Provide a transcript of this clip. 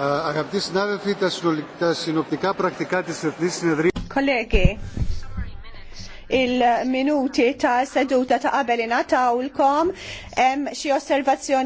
Αγαπητοί συνάδελφοι, τα συνοπτικά πρακτικά της Εθνής Συνεδρίας... Κολέγοι, il-minuti ta' seduta ta' qabel inatawlkom hemm xi osservazzjoni